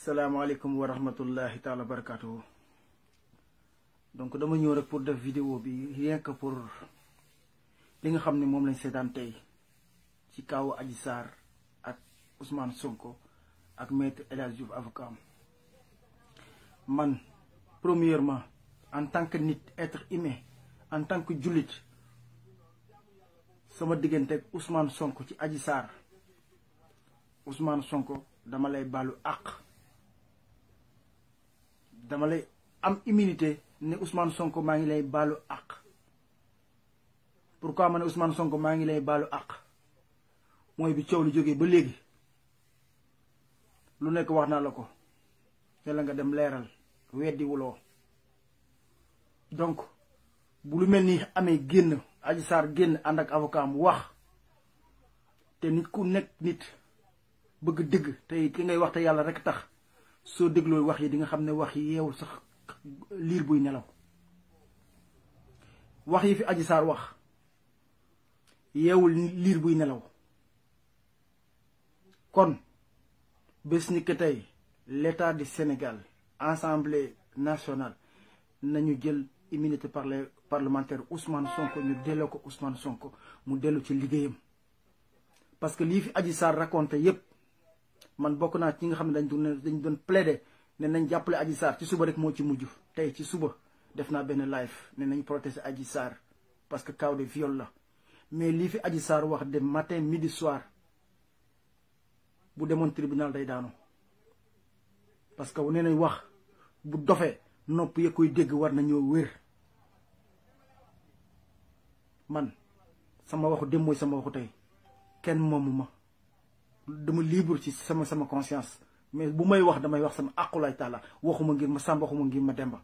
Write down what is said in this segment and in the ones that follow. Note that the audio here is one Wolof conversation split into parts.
Assalamualaikum wa rahmatullahi taala barakatuh. donc dama ñëw rek pour def vidéo bi rien que pour li nga xamni mom lañu lañ tay ci kaw Adji Sar ak Ousmane Sonko ak maître Elias Diouf avocat man premièrement en tant que nit être humain en tant que julit sama digënté ak Ousmane Sonko ci Adji Sar Ousmane Sonko dama lay balu ak dama lay am immunité ne Ousmane Sonko ma ngi lay balu ak pourquoi ne Ousmane Sonko ma ngi lay balu ak moy bi ciow lu jógee ba léegi lu nek wax naa la ko la nga dem leral. weddi wulo. donc bu lu melni amé génn Adji Sarr génn ak avocat mu wax té nit ku nek nit bëgg dëgg tay ki ngay wax yalla rek tax So dégloo wax yi di nga wax yi sax lire buy nelaw wax yi fi aji sar wax lire buy nelaw kon l'état du Sénégal assemblée nationale nañu jël immunité parlementaire Ousmane Sonko ñu délo ko Ousmane Sonko mu délo ci parce que li fi aji sar raconté man bokku na ci nga xamne dañ doon dañ doon plaider ne nañ jappalé aji sar ci suba rek mo ci mujj tay ci suba def na ben live ne nañ protester aji sar, parce que kaw de viol la mais li fi aji sar wax de matin midi soir bu demone tribunal day daanu parce que wone nañ wax bu dofé nopp ya koy dégg war nañu wër man sama waxu dem moy sama waxu tay ken momuma dama libre ci sama sama conscience mais bu may wax damay wax sama aqulaay taala waxuma ngir ma sàmm waxuma ngir ma demba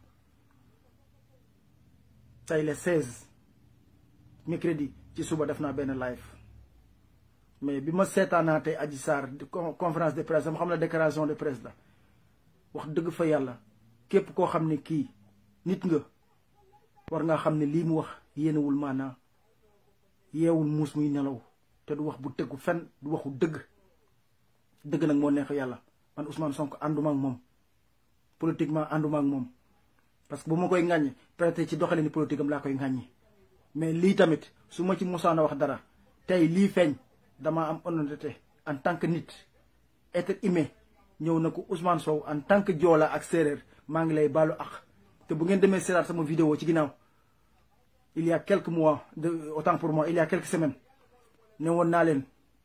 tey le 16 mercredi ci suba def ben benn live mais bi ma seetaanaatee Adji Sarr conférence de presse dama xam déclaration de presse la wax dëgg fa yàlla képp koo xam ne kii nit nga war ngaa xam ne mu wax yéenewul mana yeewul muus muy nelaw te du wax bu tegu fenn du waxu dëgg Dengan nag moo neex yàlla man Ousmane Sonko ànduma ak moom politiquement ànduma ak moom parce que bu ma koy ŋàññi peut-être ci doxalin politique am laa koy ŋàññi mais lii tamit su ma ci musaana wax dara tey lii feeñ dama am honnêteté en tant que nit être humain ñëw na ko Ousmane Sow en tant que ak ngi lay balu ak te bu ngeen demee video, sama vidéo ci ginnaaw il y a quelques mois de autant pour moi il y a quelques semaines ne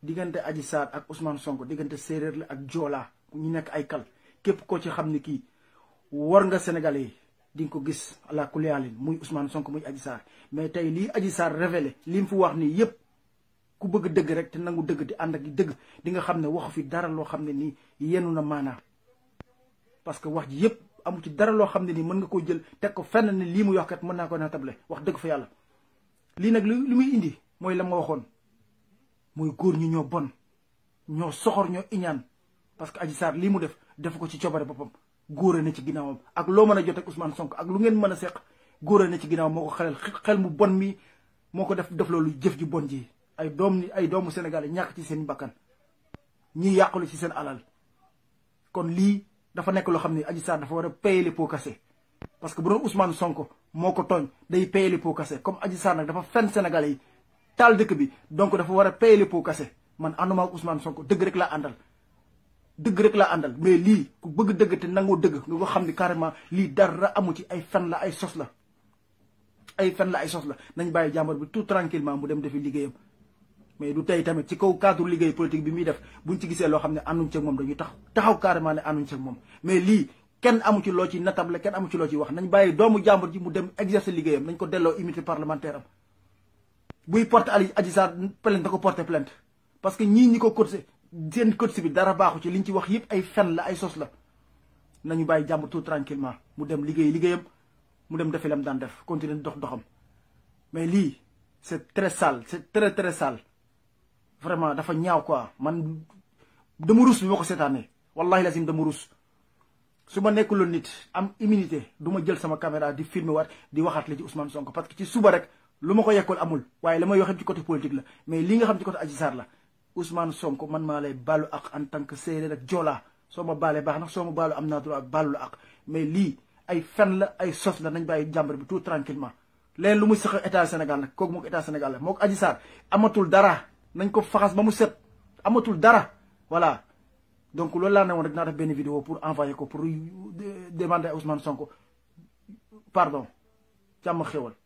Digan Adji Sarr ak Ousmane Sonko diggante séeréer la ak jola ñu nekk ay kal képp ko ci xamni ki war nga Sénégalais di ko gis ala kuliyaalin muy Ousmane Sonko muy Adji Sarr mais tay li Adji Sarr révélé lim tenangu wax ni yépp ku bëgg dëgg rek té nangu dëgg di and ak dëgg di nga xamné wax fi dara lo xamné ni yenu na mana parce que wax ji yépp amu ci dara lo xamné ni mën nga ko jël té ko fenn ni lii mu yokkat mën naa ko tablé wax dëgg fa yalla li nak limuy indi moy lam nga waxone moy góor ñu ñoo bon ñoo soxor ñoo iñan parce que aji sar mu def def ko ci ciobare bopam góore na ci ginnaawam ak lo meuna jot ak Ousmane Sonko ak lu ngeen meuna a seq na ci ginaaw moko xalel xel mu bon mi moko def def lolu jef ji bon ji ay dom ni ay domu senegal ñak ci seen bakkan ñi yaqlu ci seen alal kon li dafa nek lo xamni aji sar dafa wara payer les pots cassés parce que bu Ousmane Sonko moko ko day payer les pots cassés comme aji sar dafa fen Sénégalais taal dëkk bi donc dafa war a payer les pots cassés man ànduma ak Ousmane Sonko dëgg rek laa àndal dëgg rek laa àndal mais lii ku bëgg dëgg te nangoo dëgg nga ko xam ni carrément lii dara amu ci ay fen la ay sos la ay fen la ay sos la nañ bàyyi jàmbar bi tout tranquillement mu dem defi liggéeyam mais du tey tamit ci kaw cadre liggéey politique bi muy def buñ ci gisee loo xam ne ànduñ ci ak moom dañuy tax taxaw carrément ne ànduñ ci moom mais lii kenn amu ci loo ci natable kenn amu ci loo ci wax nañ doomu jàmbar ji mu dem exercer liggéeyam nañ ko delloo immunité parlementaire am buy porte ali aji sar plainte ko porter plainte parce que ñi ñi ko courser seen course bi dara baxu ci liñ ci wax yépp ay fenn la ay sos la nañu bay jamm tout tranquillement mu dem liggéey liggéeyam mu dem defi lam daan def continuer dox doxam mais lii c'est très sale c'est très très sale vraiment dafa ñaaw quoi man dama rus bi ma sétané wallahi lazim dama rus su ma nit am immunité duma jël sama caméra di filmer wat di waxat li ci Ousmane Sonko parce que ci suba rek lu ma ko yekkul amul waaye la may waxam ci côté politique mais li nga xam ci côté Adji Sarr la Ousmane Sonko man maa lay baalu ak en tant que séeréer ak joolaa soo ma baalee baax nag soo ma baalu am naa droit baalu la ak mais lii ay fen la ay sos la nañ bàyyi jàmbar bi tout tranquillement leen lu muy sax état Sénégal nag kooku mook état Sénégal la moo ko Adji Sarr amatul dara nañ ko faxas ba mu set amatul dara voilà donc loolu laa ne woon rek naa def benn vidéo pour envoyer ko pour demander à Ousmane Sonko pardon jàmm xéwal